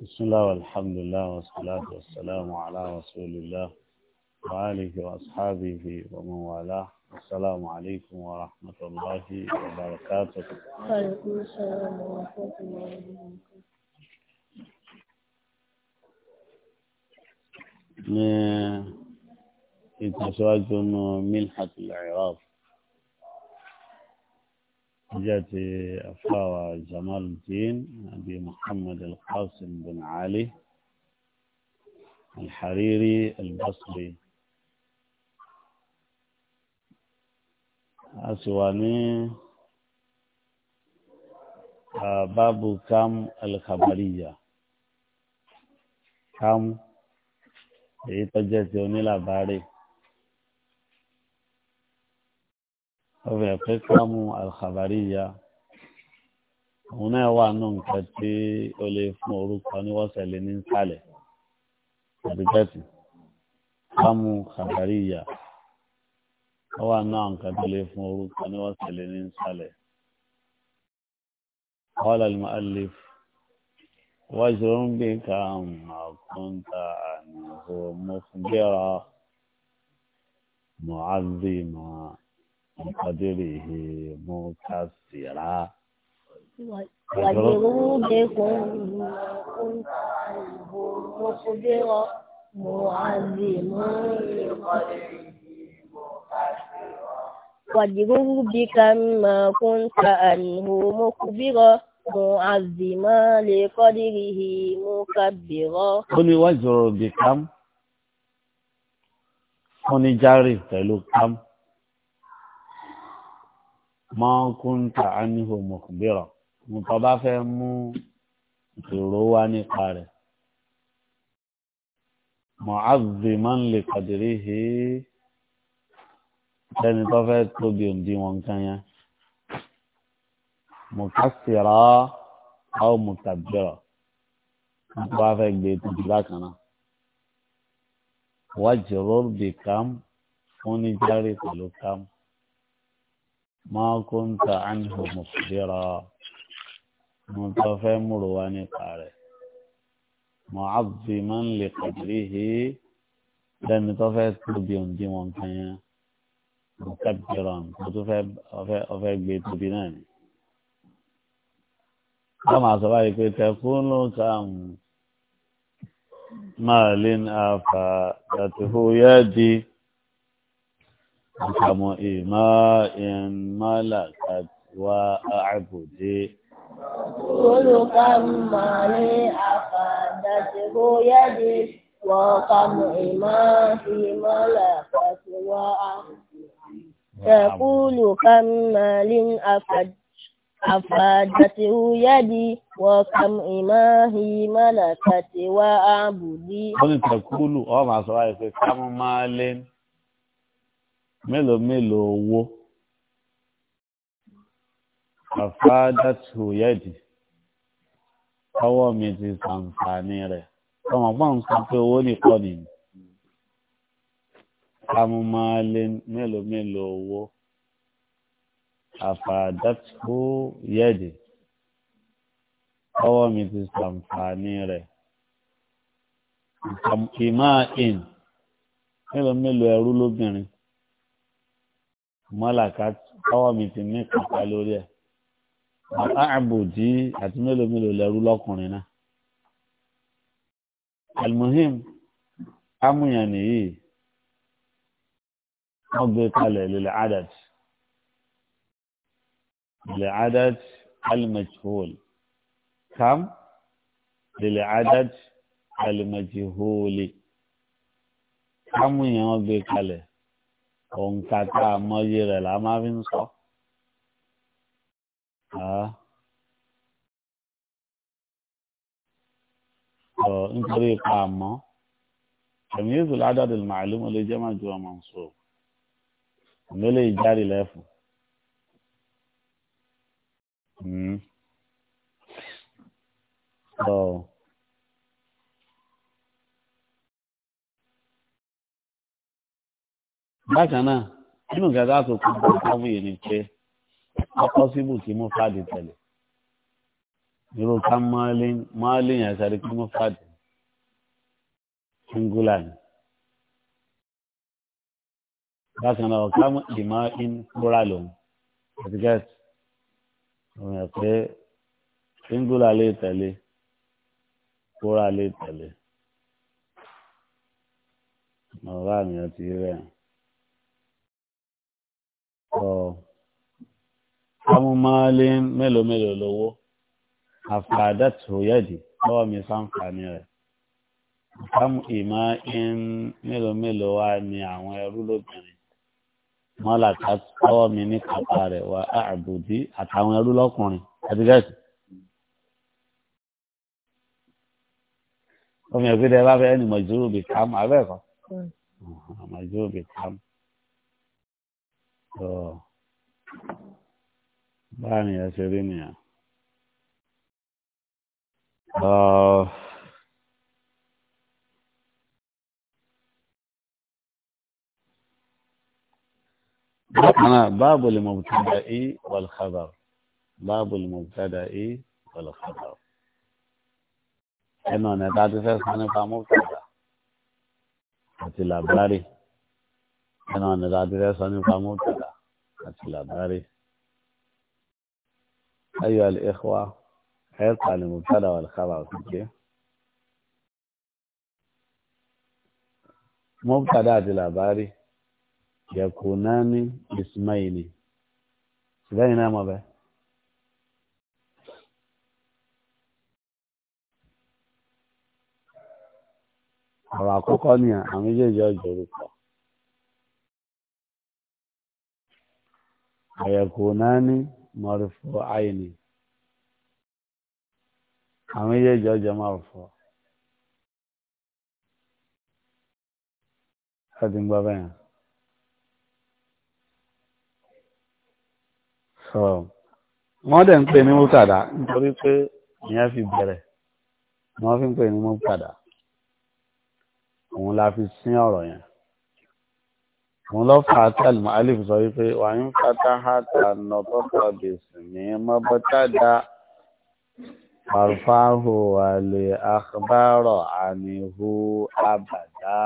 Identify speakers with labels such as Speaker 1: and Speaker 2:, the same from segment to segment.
Speaker 1: بسم الله والحمد لله والصلاة والسلام على رسول الله وآله وأصحابه ومن والاه السلام عليكم ورحمة الله وبركاته
Speaker 2: وعليكم السلام ورحمة الله وبركاته
Speaker 1: إيه... يتسواجه منحة العراق جاتي أفاوى جمال الدين أبي محمد القاسم بن علي الحريري البصري أسواني آه، باب كام الخبرية كام إيه تجاتيوني باري ọbẹ̀ pẹ́kàmù alkhabariya òun náà wà nù nǹkan tí ó lè fún orúkọ níwọ̀sẹ̀lẹ̀ ní nsàlẹ̀ àdìgẹ́tì pẹ́kàmù khabariya ó wà nù nǹkan tó lè fún orúkọ níwọ̀sẹ̀lẹ̀ ní nsàlẹ̀. قال المؤلف وجر بك ما كنت عنه مخبرا معظما قدره
Speaker 2: مكسرا وجروا بكم كنت عنه مخبرا معلما لقدره
Speaker 3: وجروا بك ما كنت عنه مخبرا معظما لقدره مكبرا قل
Speaker 1: وجر بكم فنجاري تلو كم máa kún ta anihu mọ̀kúbírọ̀ nǹkan bá fẹ́ mú ìṣòro wá nípa rẹ̀ mọ̀ázì máa ń lè kàdìrí he ẹni tó fẹ́ tóbi òǹdíwọ̀n nǹkan yẹn mọ̀kásìrọ̀ àwọn mọ̀kàbírọ̀ nǹkan bá fẹ́ gbé tóbi bákan náà wájú rọ́ọ̀bì kam fún níjàre pẹ̀lú kam. ما كنت عنه مخبرا منتفع مرواني قارئ معظما لقدره لأن تفهم تبين دي وانكايا مكبرا تفهم أفع بيت بناني كما سبعي تقول كم مال أفادته يدي Ìkàmọ̀ ìmá ìmálà wa àbòdé.
Speaker 2: Olùkà máa ní àfàdàṣẹ́gbó yẹ́dí
Speaker 3: wọ́n kàmọ̀ ìmá ìmálà
Speaker 2: àti wa àbòdé.
Speaker 3: Ẹ̀kúlù kàm máa ní àfàdàṣẹ́gbó yẹ́dí wọ́n kàmọ̀ ìmá àti wa àbòdé. Wọ́n ní
Speaker 1: tẹ̀kúlù, ọ máa sọ wáyé pé kàm máa lé mélòó mélòó owó àfádàtú yẹ́dì ọwọ́ mi ti sàǹfààní rẹ̀ ọmọpọ́n sọ pé owó nìkan nìyí amúmọ́lé mélòó mélòó owó àfádàtú yẹ́dì ọwọ́ mi ti sàǹfààní rẹ̀ ìmọ̀ in mélòó mélòó ẹrú lóbìnrin mọ́làká tọ́wọ́ mi ti ní kápá lórí ẹ̀ àbòdì àti mélòó mélòó lẹ́rú lọ́kùnrin náà. almuhim amúyàn nìyí wọ́n gbé kalẹ̀ lílẹ̀ adat lílẹ̀ adat almajhul kam lílẹ̀ adat almajhuli amúyàn wọ́n gbé kalẹ̀ òǹkà tá a mọyì rẹ̀ là máa fi ń sọ. nítorí ipa àmọ́ ẹ̀mí yóò tún ládàdì màálù mo lè jẹ́ máa ju ọmọ nsọ èmi lè jáde lẹ́fù.
Speaker 2: Oh. Hmm. bákan náà nínú nǹkan tá a tó kú bọ́ sáfù yìí ni pé ọkọ
Speaker 1: síbù kí mú fàdí tẹ̀lé irú ká mọ́ọ́lì yẹn sáré kí mú fàdí ṣíngúlà ni bákan náà ọ̀ká ìmọ̀ in kúrà lòun àti gẹ́ẹ̀sì òun yẹn pé ṣíngúlà lè tẹ̀lé kúrà lè tẹ̀lé ọ̀rọ̀ àmì ọtí rẹ̀ amúmáálé mélòó mélòó lówó àfàdàtò yẹ́dì lọ́wọ́ mi sáǹfààní rẹ̀ kámú ìmọ̀ in mélòó mélòó wá ní àwọn ẹrú lóbìnrin mọ́là lọ́wọ́ mi ní kàtà rẹ̀ wà àbùdí àtàwọn ẹrú lọ́kùnrin ẹ̀dígẹ́sì. omi ẹ̀gbẹ́dẹ́ bá fẹ́ ẹni mọ̀júrù bìkámù abẹ́ẹ̀kọ́ hmm. mọ̀júrù bìkámù tó báyìí ẹ أنا باب المبتدأ والخبر باب المبتدأ والخبر إنه نتعطي فيه سنة مبتدأ àti làbárì ẹnu ọ̀nà ìdádúrẹ́ sọ nípa mọ́tàdá àti làbárí ayọ̀ àlẹ́kọ́wá ẹ̀ẹ́kọ́ ni mọ́tàdá wà lẹ́kàrà òkúté mọ́tàdá àti làbárí yẹ̀kùnání ismaili ṣùgbọ́n iná mọ̀ bẹ́ẹ̀. ọ̀rọ̀ àkọ́kọ́ ni àwọn méjèèjì ọjọ́ orúkọ. àyẹ̀kùnání mọ̀rùfọ̀ àìní àwọn méjèèjì ọjọ́ máa fọ́ láti ń gbọ́ bẹ́yàn sọ wọ́n dẹ̀ ń pè ní mútàdá nítorí pé ìyẹn fi bẹ̀rẹ̀ wọ́n fi ń pè ní mútàdá òun la fi sín ọ̀rọ̀ yẹn òun lọ fà á tí àlùmọ́ alif sọ wípé wàá ń fata ha ta nà bọ́tà bèsì ní mọ́bọ́tàdá farfahu wàlẹ̀ àkàbárọ̀ àníhù àbàdá.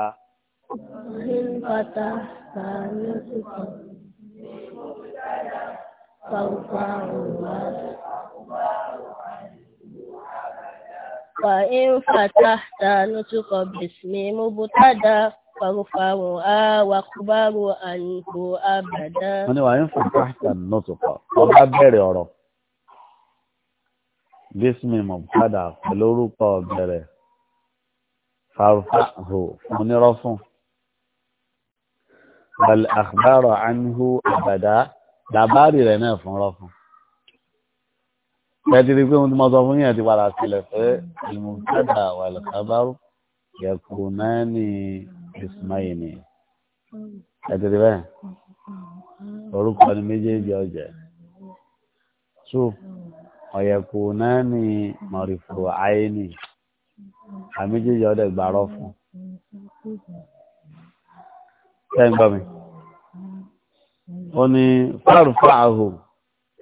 Speaker 3: وإن فتحت نطق باسم مبتدأ farfaruha wa kubaru anhu abada. wọ́n ní
Speaker 1: wàá ń fún káàkiri náà tó kọ́ wọ́n bá bẹ̀rẹ̀ ọ̀rọ̀ bísmì mọ̀bùkádà pẹ̀lú orúkọ ọ̀bẹ̀rẹ̀ farfaruhu fún nírọ́fún. bal akhbaru anhu abada làbárì rẹ̀ náà fún rọ́fún. Tẹ́tìrí pé mo ti mọ sọ fún yẹn ti padà sílẹ̀ pé
Speaker 2: ìmùkádà
Speaker 1: wal khabaru yẹ̀kùnání ismaili mm. ẹ̀tẹ̀tẹ̀ bẹ́ẹ̀ mm. orúkọ ni méjèèjì ọ̀jẹ̀ tó mm. ọ̀yẹ̀kù náà ni mọ̀rìfò àìní àméjèèjì ọ̀dẹ̀ gbàrọ̀ fún tẹ́ǹgbọ́n mi ó ní fárúfà àhò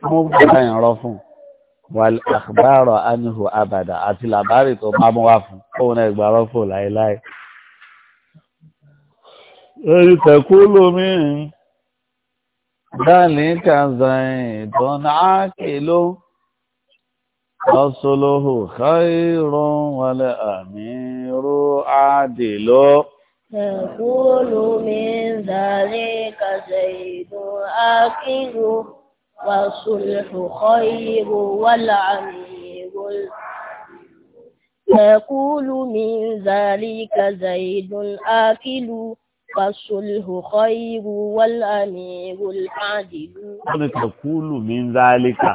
Speaker 1: fún bàbá yẹn rọ fún wàl àkùbárọ̀ ánìhò abàdà àti làbárì tó bá mú wá fún òun náà gbàrọ̀ lórí tẹ̀kú lómi dáàlì kàzáyìn tọ́nà ákèló ọ̀sọ̀lọ́hù káìrún wàlẹ̀ àmì rú àdèló.
Speaker 3: tẹ̀kú lómi dáàlì kàzáyìn tọ́nà ákèló ọ̀sọ̀lọ́hù káìrún wàlẹ̀ àmì rú تقول من ذلك زيد آكل فالصلح خير والأمير العادل. wọ́n ní
Speaker 1: tẹ̀kúlù mi ń dálíkà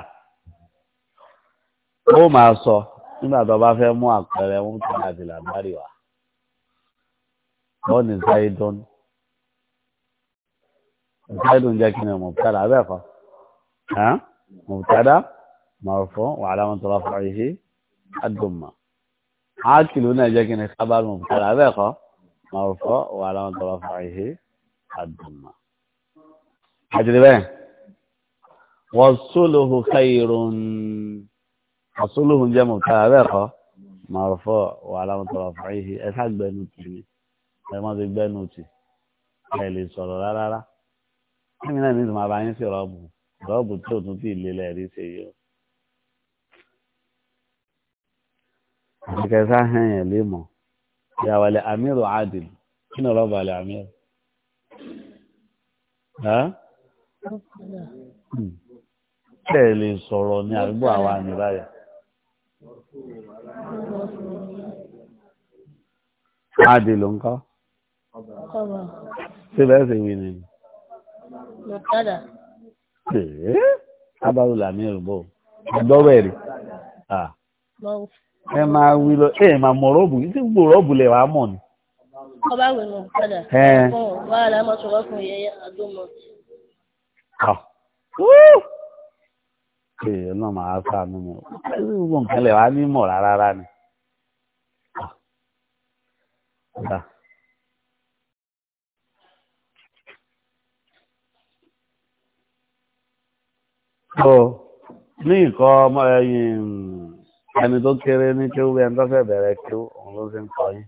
Speaker 1: ó máa sọ nígbà tó bá fẹ́ mú àpẹẹrẹ wọn tó láti làbárì wá wọ́n ní zaidon zaidon jẹ́ kí ni mọ̀tàdá abẹ́ẹ̀kọ́ mọ̀tàdá mọ̀rọ̀fọ́ wàhálà wọn tó bá fọ́ ìṣe àdùnmọ̀ ákìlú náà jẹ́ kí ni kábàárù mọ̀tàdá abẹ́ẹ̀kọ́. مرفوع وعلامة رفعه الضمة حجر بقى وصله خير وصله جمع تابقة مرفوع وعلامة رفعه اسحاق بنوتي ما ذيك بنوتي ẹ̀lì sọ̀rọ̀ rárá rá ẹ̀mí náà nígbà máa bá yín sí rọ́ọ̀bù rọ́ọ̀bù tí ò ti lè lẹ́ẹ̀rí ṣe yìí o. àtìkẹ́sà hẹ̀yìn يا ولي أمير عادل هنا ربع الأمير ها bẹ́ẹ̀ lè sọ̀rọ̀ ní àdúgbò àwọn àmì báyà عادل ńkọ́ ṣé bẹ́ẹ̀ sì wí ni. ṣé abáwò làmì rò bò ọgbọ́wẹ̀rì. ẹ máa wí lọ ẹ máa mọ gbogbo ni.
Speaker 3: ọba wẹ̀ mọ̀ padà fún wàhálà máa sọ̀rọ̀ fún yẹyẹ àdómọ.
Speaker 1: kà èèyàn náà máa sànú mi ó ní mọ̀ rárá ẹni tó kéré ní kéwú ẹni tó fẹ́ bẹ̀rẹ̀ kéwú òun ló ti ń kọ yín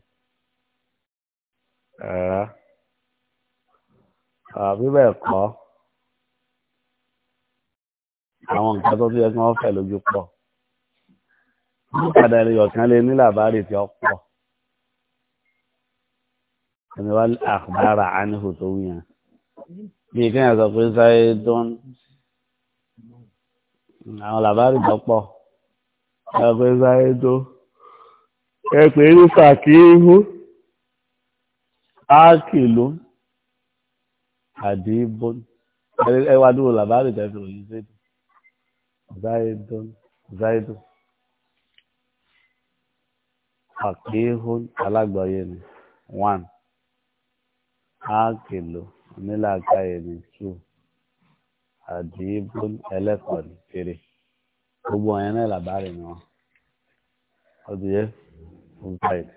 Speaker 1: ẹ̀rá àbí bẹ́ẹ̀ kọ́ àwọn nǹkan tó yẹ kí wọ́n fẹ́ lójú pọ̀ nípadà ẹni ọ̀kan lè ní làbárì tí ó pọ̀ ẹni wá àkùbára ánìhù tó wúyàn bí kéèyàn sọ pé sáyé dún àwọn làbárì tó pọ̀ àfẹ́sáyétó ẹ pè é ní fàkíhù ákìlú àdìbò ẹ wá dúró làbárì tẹ́ fi ròyìn sédì záyétó záyétó fàkíhù alágbọ̀yé ni one ákìlú onílàákàyè ni two àdìbò ẹlẹ́kọ̀ọ́ ni three gbogbo ọ̀yẹn náà làbárẹ̀ ni wọn ọdún yẹ ọgbà yìí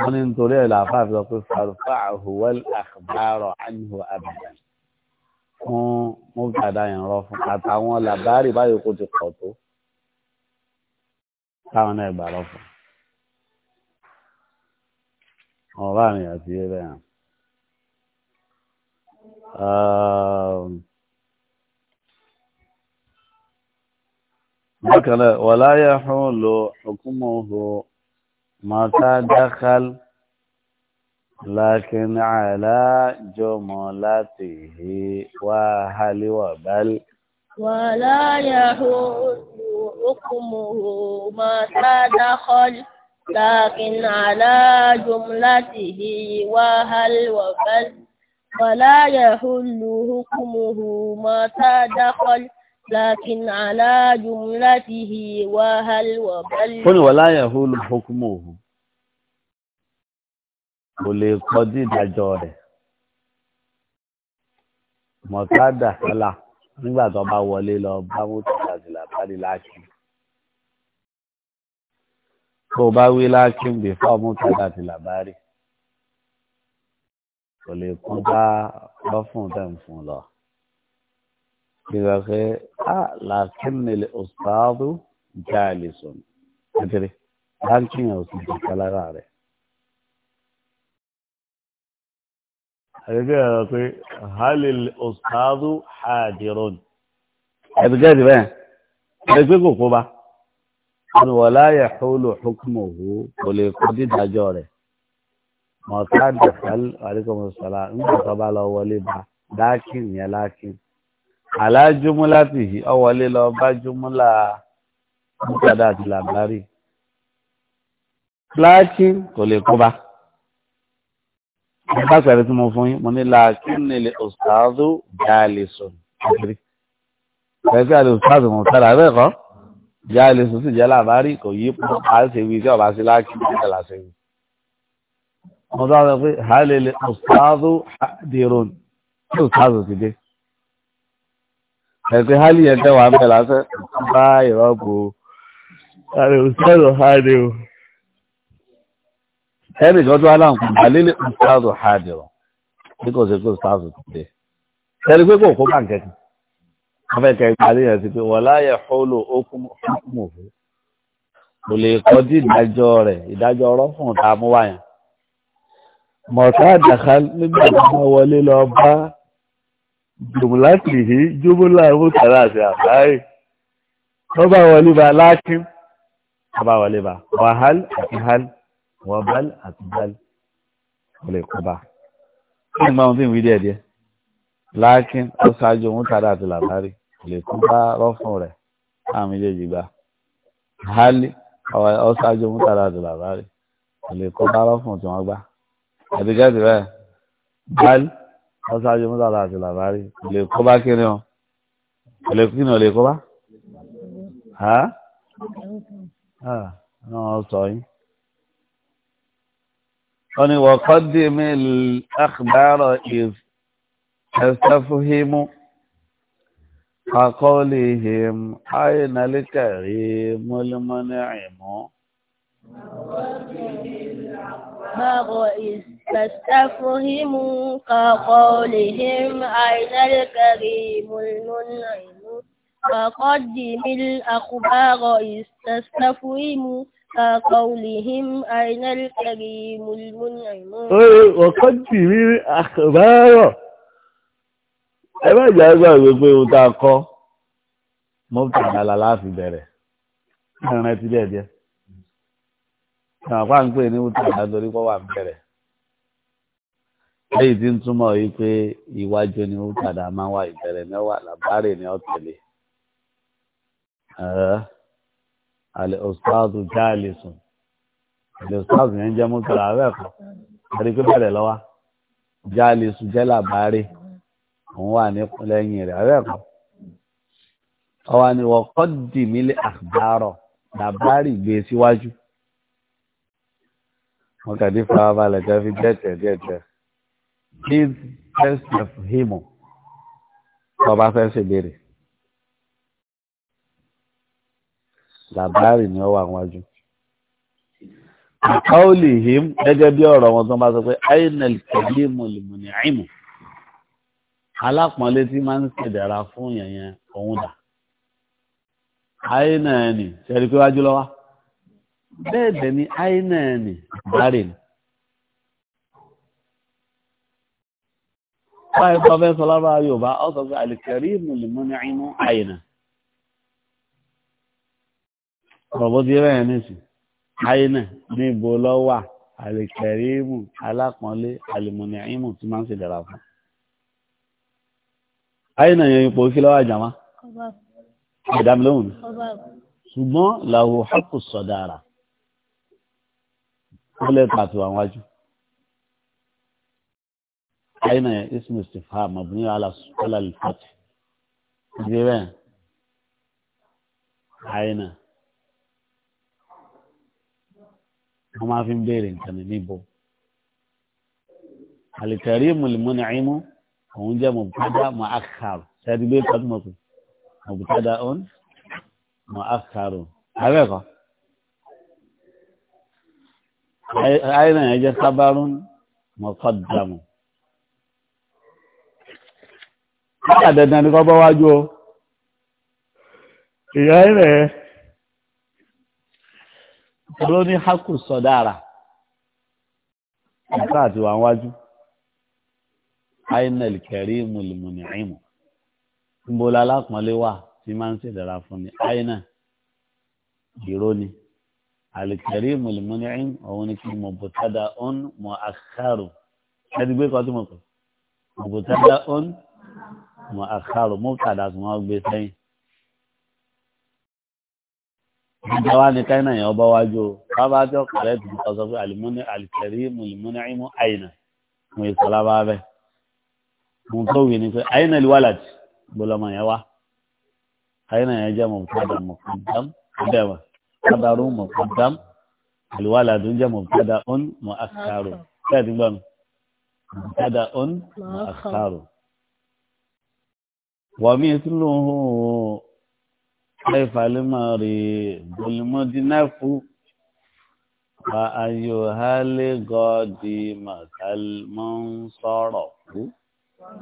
Speaker 1: wọn ní nítorí ẹ̀ làáfà fi sọ pé farufa ahuwal akhbaro anhu abadan fún mọ́gàdá yẹn rọ fún àtàwọn làbárẹ̀ báyìí kò ti pọ̀ tó táwọn náà gbà lọ ọ̀rọ̀ àmì àti ẹ̀rẹ̀ yẹn. بكرة ولا يحول حكمه متى دخل لكن على جملته وهل وبل
Speaker 3: ولا يحول حكمه متى دخل لكن على جملته وهل وبل ولا يحول حكمه متى دخل لكن على جملته وهل وبل قل
Speaker 1: ولا يهول حكمه kò lè kọjú ìdájọ́ rẹ̀ mọ̀tádà sálà nígbà tó bá wọlé lọ bá mọ́tò àdìlà bárí láàkì tó bá wí láàkì ń bè mọ́tò àdìlà bárí kò lè kún bá lọ́fún tẹ̀ ń fún lọ ìgbà pé a làákín nílé ọ̀sáàdù já ilé sọ̀nù nítorí báńkì yẹn ò sì di kálára rẹ̀. àdébíyà rẹ̀ pé halil ọ̀sáàdù hàdìrún. ẹ̀dùgẹ́ ti bẹ́ẹ̀ ẹ̀ pé kò kó bá wọ́n láyé xulu xukumuhu kò lè kó dídájọ́ rẹ̀ mọ̀ká dàkàl àríkàmọ̀sálà ń bọ̀ sọ́ba lọ àlájúmúlá tìhí ọwọlé lọ bá júmúlá mùsàdá àti làbárì láàkí kò lè kó bá bá pẹ̀lú tí mo fún yín mo ní láàkí nílé òṣàdó jálẹ̀sùn kiri pẹ̀lú àti òṣàdó mo fẹ́ làbẹ́ kọ́ jálẹ̀sùn sì jẹ́ làbárì kò yí pọ̀ á ṣe wí tí ọba sí láàkí nílé làṣẹ wí. mo dáhùn pé hàlẹ́lẹ̀ òṣàdó dèrò ní òṣàdó ti dé ẹ̀sìn hálì yẹn tẹ́ wàá bẹ̀ lásán bá ìrọ́pò àrẹ òṣèlú hádì o. ẹnì kan tó wá láwọn kò gbà lílé òṣèlú hádì o bí kò ṣe kó òṣèlú ti dé. ẹni pé kò kó bá nǹkan kan wọ́n fẹ́ kẹ́ ìgbà líyẹn ti pé wọ́n láyẹ̀ fọ́lọ̀ ókú mọ̀ fún. kò lè kọjú ìdájọ́ rẹ̀ ìdájọ́ ọlọ́fún tá a mú wáyà. mọ̀tá àdàkà nígbà tí wọ́n wọlé lọ bá jùmùlátìhì jùmùlá mùtàrà àti àbáyé wọ́n bá wọlé bá lákín wọ́n bá wọlé bá wàhálì àti hálì wọ́n bálì àti bálì wọlé kọba. kí ni máa ń fi ìwé díẹ̀ díẹ̀ lákín ó ṣáájú mùtàrà àti làbárì wọlé kọba rọ́fún rẹ̀ káà méjèèjì gbà hálì ó ṣáájú mùtàrà àti làbárì wọlé kọba rọ́fún tí wọ́n gbà àdìgẹ́dì rẹ̀ bálì wọ́n ṣáájú mọ́tàlá àti làbárí kò lè kó bá kiri wọn kò lè kí ni ò lè kó bá. náà sọ yín. wọ́n ní wọ́kọ́ dì mí àkùbárọ̀ ẹ̀sẹ̀fúhímù àkọ́lìhìm àyìnàlẹ́kẹ̀rí mọ́lẹ́mọ́lẹ́ àìmọ́.
Speaker 3: Báwo ìsìn. فاستفهموا كقولهم أين الكريم المنعم فقدم الأخبار استفهموا كقولهم أين الكريم المنعم
Speaker 2: وقدم الأخبار
Speaker 1: ẹ bá jẹ́ ẹgbẹ́ ìwé pé ohun tá a kọ́ mọ́tò àdàlà láti bẹ̀rẹ̀ ẹ̀rìn ẹ̀ ti bẹ́ẹ̀ díẹ̀ àwọn àpá ń pè ní ohun tá lórí pọ́ wà ń bẹ̀rẹ̀ lẹ́yìn tí ń túmọ̀ yìí pé iwájú ni ó padà máa wà ìbẹ̀rẹ̀ mẹ́wàá làbárè ni ó tẹ̀lé àlẹ́ ọ̀sáàdù jáàlì sùn àlẹ́ ọ̀sáàdù yẹn jẹ́ mọ́tò àárẹ̀ kan àti pé bẹ̀rẹ̀ lọ́wọ́ jáàlì sùn jẹ́ làbárè òun wà ní lẹ́yìn rẹ̀ àárẹ̀ kan ọwọ́ ni wọ́n kọ́ dì mí lé àgbárọ̀ làbárè gbé síwájú wọn kàdí farabalẹ̀ kẹfí bẹ́ẹ̀ tẹ̀ díẹ̀ díẹ̀ is test of himo ọba fẹ́ ṣèbéèrè làbárì ni ó wà wájú àkáòlì him gẹ́gẹ́ bí ọ̀rọ̀ wọn tó bá sọ pé ainel kẹlímù lìmùnì àìmù alápọ̀nlé tí máa ń ṣèdára fún yẹ̀yẹn òun dà ainel ni pé wájú lọ́wọ́ bẹ́ẹ̀ dẹ̀ ni ainel ni ni. báyìí tó fẹ́ sọ lábára yorùbá ọ sọ pé àlìkẹ̀rí ìmùlìmọ́ni inú àyìnà ọ̀rọ̀bọ́ ti rẹ̀ ní sí àyìnà níbo lọ́wà àlìkẹ̀rí ìmù alápọ̀nlé àlìmọ̀ni ìmù tí máa ń ṣe dára fún àyìnà yẹn ipò kí lọ́wọ́ àjàmá ìdámilóhùn ṣùgbọ́n làwọn hapù sọ̀dára ó lẹ́ta àti wàwájú أين اسم استفهام مبني على على الفتح جيبا إيه أين وما في مبيرين كان نيبو الكريم المنعم هونجا مبتدا مؤخر سادي بيت قدمته مبتدا مؤخر هذا أين يجي خبر مقدم nígbà dandan ni kọ́ bọ́ wájú o ìyá rẹ̀ ló ní hákù sọ̀dára nǹkan àti wà wájú ainel kẹrí mùlùmùnì àìmù ńbọlá alápọ̀nlé wà tí máa ń ṣèdára fún ni aina ìró ni alikẹrí mùlùmùnì àìmù òun ni kí mo bùtádà òun mo àkàrò ẹni gbé kọ́ tí mo kọ́ mo bùtádà òun mọ̀ àkàrò mọ́tàdá tí wọ́n gbé sẹ́yìn. Ìjọba wa ni káyínà yẹn ọba wájú o. Bábá tí ọkọ̀ rẹ̀ ti sọ pé àlìmọ́nì àlìkẹ̀rí mùlìmọ́nì àìmọ́ àyìnà. Mo ìsọ̀ lábá bẹ́ẹ̀. Mo tó wí ni pé àyìnà lè wà láti gbọ́lọ́mọ yẹn wá. Àyìnà yẹn jẹ́ mọ̀kúndàm mọ̀kúndàm bẹ́ẹ̀wà. Kádàrú mọ̀kúndàm àlùwàlàdù jẹ́ mọ̀kúndàm ọ̀n mọ̀ àkàrò. Bẹ́ẹ̀ ti gbọ́n mọ̀kúndàm ọ̀n
Speaker 2: mọ̀ àkàrò.
Speaker 1: ومثله كيف المريض المدنف وأيها القديمة المنصرف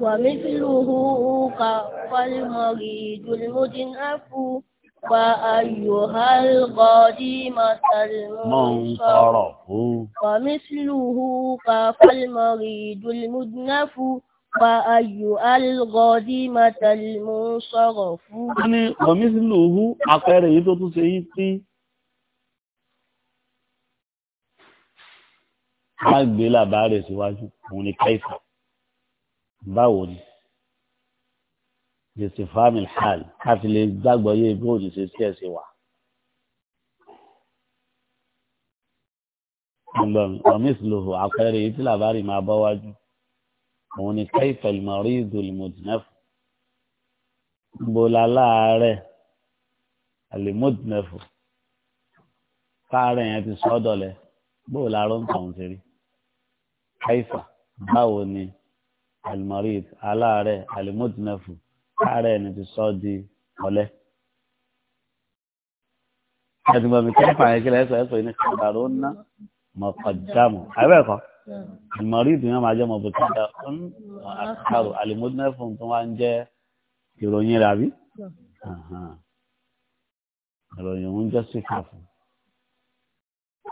Speaker 3: ومثله كالمريض المدنف وأيها القديمة المنصرف ومثله كالمريض المدنف وأي الغزيمة المنصرف يعني
Speaker 2: ومثله
Speaker 3: أقير
Speaker 1: يدو تسيتي a gbé làbárẹ̀ síwájú òun ni kaifa báwo ni jesse famil hal láti lè gbàgbọ́ yé bí òun ṣe sí ẹ̀sìn wa. ọ̀mísìlòhùn àpẹẹrẹ èyí tí làbárẹ̀ máa bọ́ wájú òun ni kaifa al-maridu al-mudnaf bọ́lá láàárẹ̀ al-mudnaf káàárẹ̀ yẹn ti sọ́dọ̀ lẹ̀ bọ́lá rọ́ǹtàn ti rí kaifa báwo ni al-marid aláàárẹ̀ al-mudnaf káàárẹ̀ yẹn ti sọ́ di ọ̀lẹ́. ẹ̀dùnmọ̀ mi kaifa yẹn kí lẹ́sọ̀ ẹ̀sọ̀ yìí ní kàdàrú ńná mọ̀kàdàmù àbẹ́ẹ̀kọ́ àmọ́rídìí náà máa jẹ́ mọ̀bùkátà
Speaker 2: ń àkàrò
Speaker 1: àlìmọ́dínẹ́fọ̀n tó wá ń jẹ́ ìròyìn rẹ̀ àbí ìròyìn òun jẹ́ sífà fún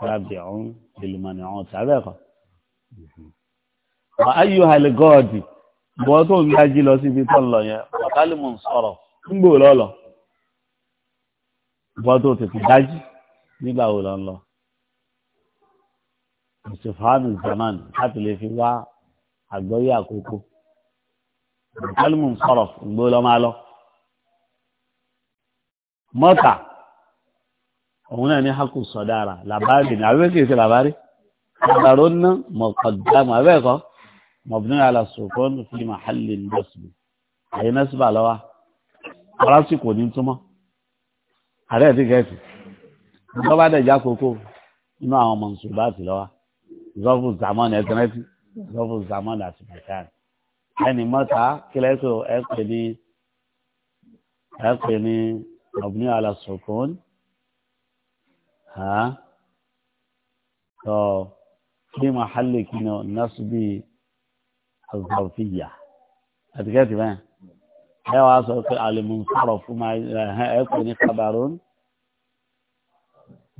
Speaker 1: rábì ọ̀hún ìlúmọ̀nì ọ̀hún tàbí ẹ̀kọ́. wà á yọ àlìgọ́ọ̀dì bọ́ tó ń gbájí lọ síbi tó ń lọ yẹn wàtálìmù ń sọ̀rọ̀ ń gbò lọ́lọ́ bọ́ tó tètè dájí nígbà wo lọ ń lọ mùsùlùmí zaman láti lè fi wá àgbọ́yé àkókò ìkálùmù sọ̀rọ̀ ìgbó lọ máa lọ. mọ́tà òun náà ní hakù sọ̀dára làbárì ní abẹ́ kìí ṣe làbárì ọ̀dàrọ̀ ná mọ̀kàdàmọ̀ abẹ́ kọ́ mọ̀bìnrin alàsòkòrò fi màhálì nọ́ọ̀sì àyè nọ́ọ̀sì bà lọ́wọ́ arásìkò ní túmọ̀ àrẹ́ ti ìjọba dẹ̀ já kókó inú àwọn mọ̀nsùn bá ti lọ́wọ́ zọ́fù zamani ẹ̀tẹ́rẹ́tì zọ́fù zamani àti bàtàn ẹni mọ́ta kílẹ̀kọ̀ ẹ pè ní ẹ pè ní ọ̀bùnú alasokun tó kí mahalli kìnnà nasubi azọfìyà àtìkẹ́tì bẹ́ẹ̀ ẹ wàá sọ pé alimusọ̀rọ̀ fún ma ẹ pè ní kabarun.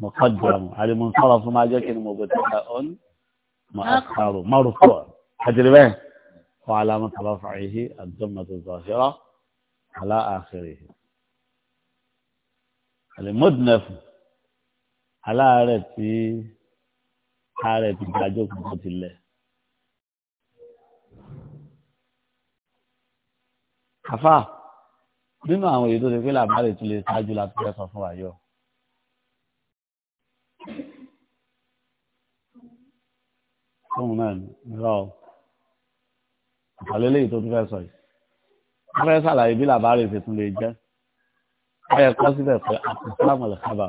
Speaker 1: مقدم على منصرف ما جاء كلمة مؤخر مرفوع حجر بين وعلامة رفعه الضمة الظاهرة على آخره المدنف على رتي حارتي جاجوك بوت الله àfà nínú àwọn èyí tó ti pé làbárè tún lè ṣáájú láti fẹ́ sọ fún tóun náà ní irọ́ o àlélẹ́yìí tó tún fẹ́ sọ yìí wọ́n fẹ́ sàlàyé bí làbárè ṣe tún lè jẹ́ wọ́n yẹ kọ́ síbẹ̀ pé àtìsáàmù lè kábà.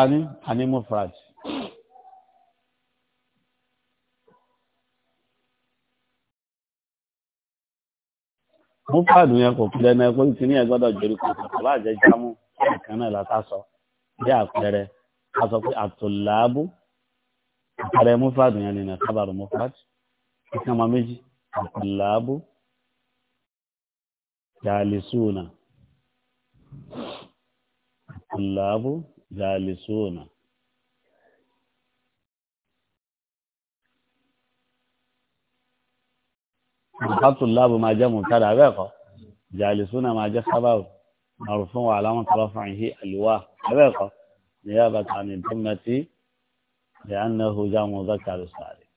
Speaker 1: Àní àní mufrad. mú fàdù yẹn kò fi lẹ́nu ẹgbẹ́ kìíní ẹ̀ gbọ́dọ̀ jòrí kò kò bá jẹ́ jámú ẹ̀kan náà la ká sọ bí àpẹẹrẹ a sọ pé àtòláàbù àpẹẹrẹ mú fàdù yẹn nìyẹn sábàrù mú fàdù kíkan máa méjì àtòláàbù jàlísùnà àtòláàbù jàlísùnà. الطلاب ما جاء مبتدا بقى جالسون ما جاء خبر مرفوع وعلامة رفعه الواء بقى نيابة عن الجملة لأنه جاء مذكر سالم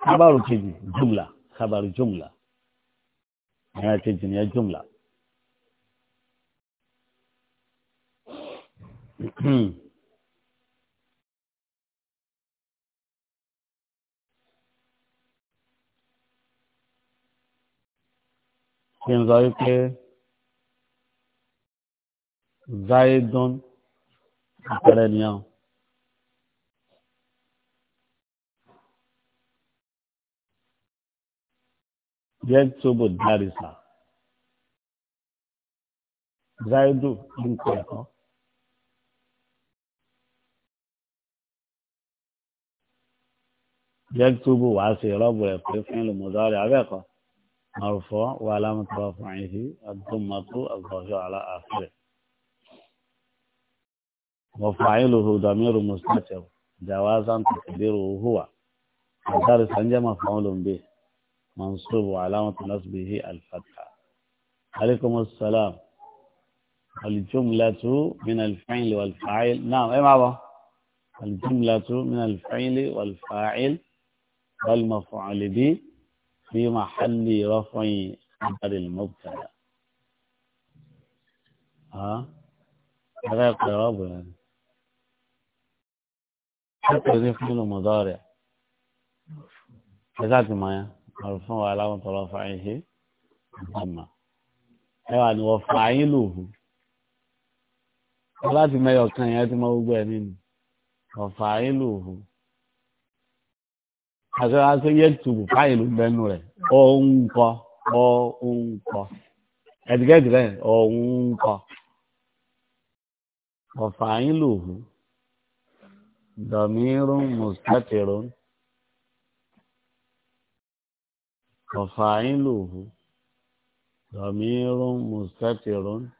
Speaker 1: خبر كذي جملة خبر جملة هي كذي جملة kí n sọ wípé zaidun àpẹẹrẹ nìyẹn yẹtubu
Speaker 2: darisa zaidu nǹkan ẹkọ.
Speaker 1: yẹtubu wàá ṣe rọ́bù rẹ̀ pé fún ìlú mọ̀sálẹ̀ abẹ́ẹ̀kọ́. مرفوع وعلامة رفعه الضمة الظاهرة على آخره وفاعله ضمير مستتر جوازا تقديره هو الدار سنجة مفعول به منصوب وعلامة نصبه الفتحة عليكم السلام الجملة من الفعل والفاعل نعم اي بابا الجملة من الفعل والفاعل والمفعول به في محل رفع خبر المبتدا ها غير قراب يعني حتى يضيف منه مضارع كذات ما مرفوع علامة رفعه ثم يعني وفاعله láti mẹyọ kan yẹn ti mọ gbogbo ẹ àṣọraṣọ yẹtùbù káyìn ló ń bẹnu rẹ̀ ọ̀hún kọ ọ̀hún kọ ẹ̀dìgẹ́dì rẹ̀ ọ̀hún kọ ọ̀fà yín lòhùn dọ̀míírùn mùsùlùmí ọ̀fà yín lòhùn dọ̀míírùn mùsùlùmí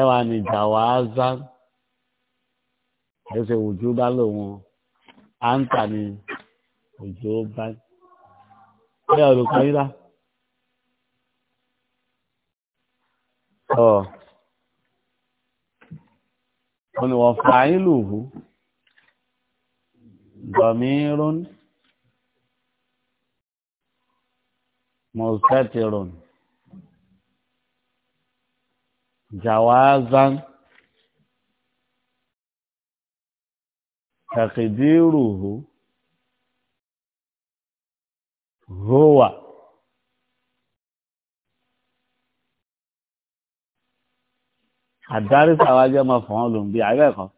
Speaker 1: ẹwà ni jàwá azán ẹsẹ̀ òjú bá lòun à ń tà ní òjò bá ẹ olùkọ́ yín lá. wọ́n ní wọ́n fa yín lùhù dọ̀mírún mọ̀sẹ́tìrún jàwáázán. tàkìdírùhù hùwà. àdárí sáwá jẹ́ máa fọ́n lòun bí àbẹ́ kan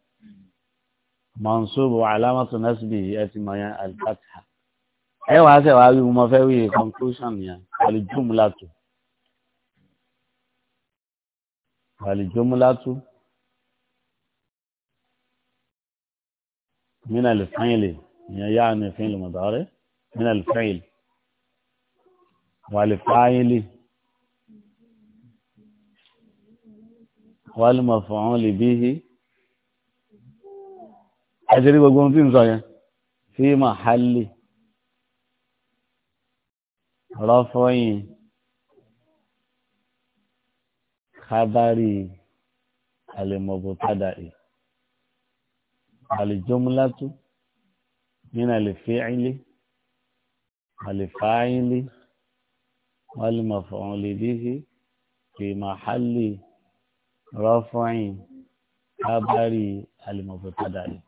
Speaker 1: mọ̀nsóbò alámọ́tò nẹ́sìbì ẹ ti mọ̀ yẹn alifatiha ẹ wà á sẹ̀wá wí mo fẹ́ wí conclusion yẹn wàlìjúmùlátù wàlìjúmùlátù. من الفعل يعني فعل مضارع من الفعل والفاعل والمفعول به أجري بقوم في مزايا في محل رفع خبري المبتدئ àlìjọmúlátú nínú àlìfẹ́ẹ́lẹ́ àlìfáàílẹ́ wàlìmọ̀fọ̀n lèdíhì fi màhálì rọ́fọ́yìn kábàárì àlìmọ̀fọ̀tàdàlẹ̀.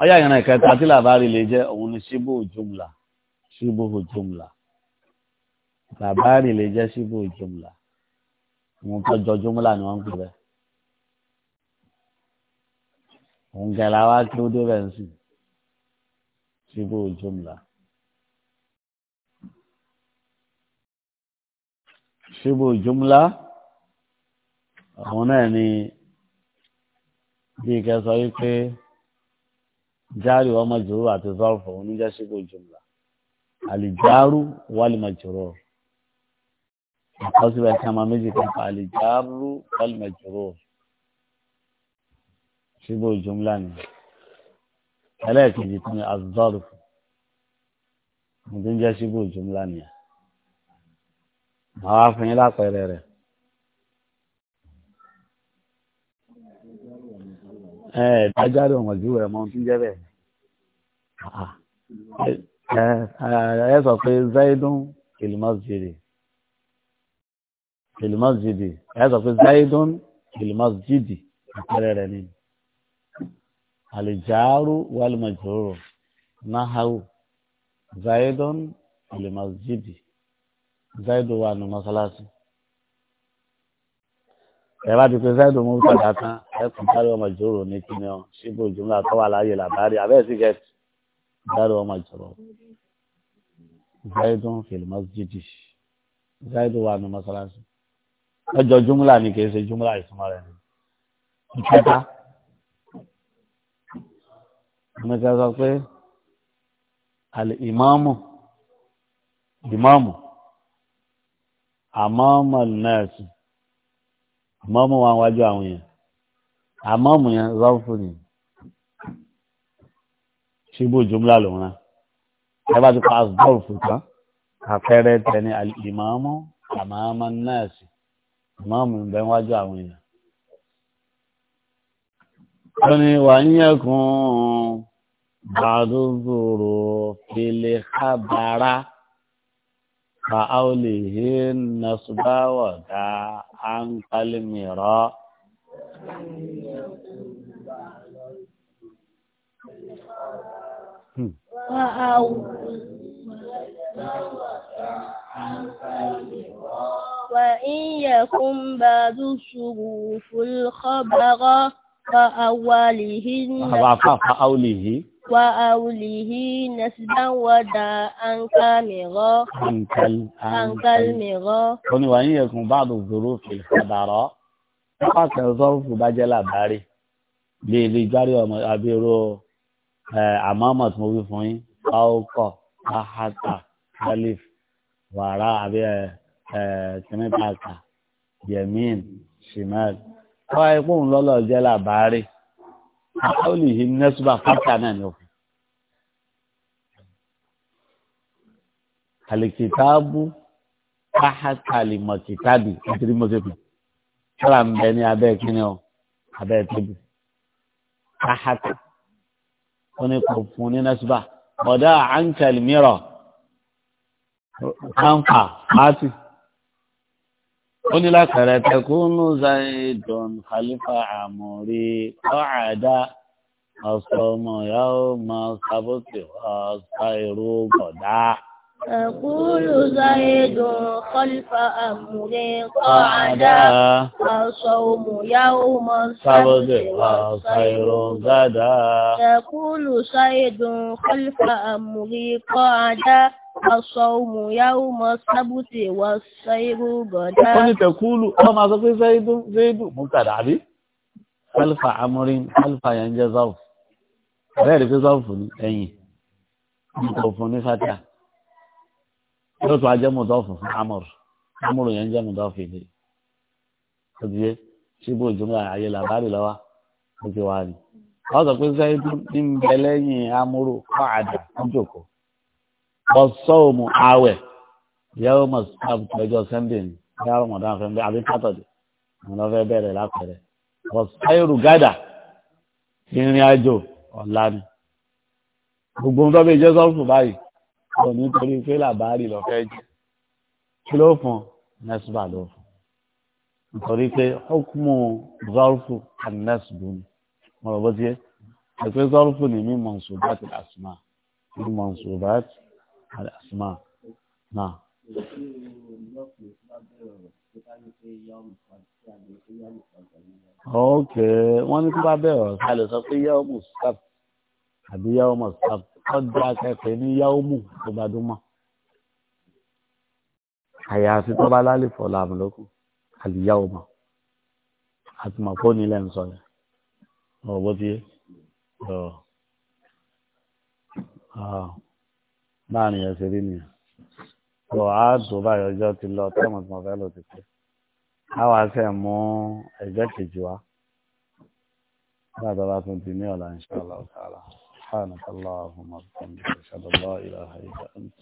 Speaker 1: ọyá ìrìn kẹta tí làbárí lè jẹ́ òun ni ṣíbò jùmùlà ṣíbò jùmùlà làbárí lè jẹ́ ṣíbò jùmùlà òun tó jọ jùmùlà ni wọ́n ń pè bẹ́ẹ̀. òun gẹ̀lá wá kí ó débẹ̀ ń sìn síbò jùmùlà. síbò jùmùlà àwọn náà ni bí kẹsọ wípé jáàrì wọn mọ̀jòrò àti zọ́ọ̀fù òun níjẹ́ síbò jùmùlà àlìjáàrú wálé mọ̀jòrò àkọsílẹ̀ kí a máa méjì kan pa àlìjáàrú wálé síbò jùmlá ni ẹlẹ́ẹ̀kejì tó ní azọ́rù mo ti ń jẹ́ síbò jùmlá ni màá wá fún yín lápẹẹrẹ rẹ̀. ẹ ìdájọ́ àdó ọ̀mọ̀jú rẹ̀ mọ́ ti ń jẹ́ bẹ́ẹ̀ ẹ sọ pé zaidun ilmasjidi ilmasjidi ẹ sọ pé zaidun ilmasjidi àpẹẹrẹ rẹ̀ nínú. الجار والمجرور نحو زيد المسجد زيد وان مصلاتي ẹ bá ti pe zaidu mú padà tán ẹkùn dárí ọmọ ìjòrò ní kíni ọ síbò jùmọlá tó wà láàyè làbárí abẹ́ sí gẹ̀ẹ́t dárí ọmọ ìjòrò zaidu fìlímọ́ jíjì zaidu wà nù mọ́sálásí ọjọ́ jùmọlá ni kì í ṣe jùmọlá ìtumọ̀ rẹ̀ ní ìkẹta nígbà sọ pé àlè ìmáàmù ìmáàmù àmọ́mọ̀ nọ́ọ̀sì àmọ́mù wa wájú àwọn yẹn àmọ́mù yẹn zọ́ọ̀fù ni ṣíbù jùmlá lòun rán ẹ bá ti pa zọ́ọ̀fù tán àpẹẹrẹ tẹni àlè ìmáàmù àmọ́mọ̀ nọ́ọ̀sì ìmáàmù ń wájú àwọn yẹn. أني وأن يكون بعض الظروف لخبر فأوله النصب ودا عن المراء
Speaker 3: وإن يكن بعض الشروف الخبر wa awalihi wa awulihi nasiban wada an kamiro
Speaker 1: an kalmiro. ó ní wàá yín ẹkùn báàdù zoro fi kàdàrọ nípa kan sọfù bá jẹ làbárí lè lè járe ọmọ abirú àmọ́mọ́ tí mo wí fún yín ọkọ̀ ahata alif wàrà àbí kìnnìkàkà yemin shimal wọ́n á pọ̀ ń lọ́lọ́ jẹ́ làbárí àkọọ́lì yìí nẹ́sùbà fáta náà ni òfin. àlìkìtàbù káhàkàlì mọ̀kìtàbì nítorí mọ̀kìtàbì sára ń bẹ ní abẹ́ kíní o abẹ́ tóbi káhàkà wọ́n kò fún ní nẹ́sùbà ọ̀dà àǹkàlì mìíràn kánfà pàtì
Speaker 2: ó ní lákàrẹ
Speaker 1: tẹkúnú zaidon khalifa amori ọ̀ádá ọ̀sọ̀mọ̀yá ó máa sábòsì ọ̀sá irú gọ̀dá.
Speaker 2: تقول زيد
Speaker 3: خلف أمري قعدا الصوم يوم السبت والخير غدا تقول زيد خلف أمري قعدا Asọ̀ọ̀mù yáwó mọ sábùtì wọ ṣẹ́rú gọ̀dá. Ó ní
Speaker 1: tẹ̀kúlù, ọ máa sọ pé ṣẹ́rú ṣẹ́rú mú kàdà àbí? Alfa Amorin, Alfa yẹn jẹ́ Zawf. Bẹ́ẹ̀ rí pé Zawf ní ẹ̀yìn. Nǹkan fún ní Fatiha. Yóò tún ajẹ́ mùdọ́fù fún Amor. Amor yẹn jẹ́ mùdọ́fù ilé. Ó ti yé ṣíbù ìjùmọ̀ àyè làbárì lọ́wọ́. Ó ti wá ní. Wọ́n sọ pé ṣẹ́rú ń bẹ lẹ́yìn Amor kọ́ àdà ń ọ̀sọ́ọ̀mù àwẹ̀ yẹ́wò mọ̀sáàbù ọjọ́ sẹ́ndé ní ní àrọ̀mọ̀dá fẹ́ bẹ́ẹ̀ àbí pátọ̀dé àwọn ọ̀fẹ́ bẹ̀rẹ̀ lápẹ̀rẹ̀ ọ̀sáìrù gádà ìrìn àjò ọ̀la ni gbogbo ń tọ́bi jẹ́ sọ́ọ̀fù báyìí kò ní torí pé làbárì lọ́fẹ́ jù kí ló fún nẹ́sùbà ló fún nítorí pé ọkùnmù zọ́ọ̀fù àti nẹ́sùbù ni mo rọ̀ bó ti yẹ ẹ̀pẹ́ zọ́ọ̀fù ni mí mọ̀nsùbá ti ti àsìmá náà. ok wọ́n ní tó bá bẹ̀rẹ̀ ọ̀sán lè sọ pé yẹ́wò mú sáb àbí yẹ́wò mú sáb ọjọ́ akẹ́kọ̀ọ́ ní yẹ́wò mú tó bá dún mọ́. àyàfi tó bá lálẹ́ fọ̀ làmù lókù àlìyáwó mọ́ àti mọ̀ fóònù ilẹ̀ ń sọ yẹn ọ̀bọ̀ tiẹ̀ ọ̀ láàrin ẹsẹ̀ rí nìyẹn tó a dùn báyọ̀ ọjọ́ ti lọ tẹ́mọ̀ tí mo fẹ́ lò ti pé a wá sẹ́ mú ẹgbẹ́ kejì wa nígbà tó bá tún ti ní ọ̀la ìṣàlá ọ̀tàlá سبحانك اللهم وبحمدك اشهد ان لا اله الا انت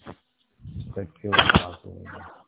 Speaker 1: استغفرك واتوب اليك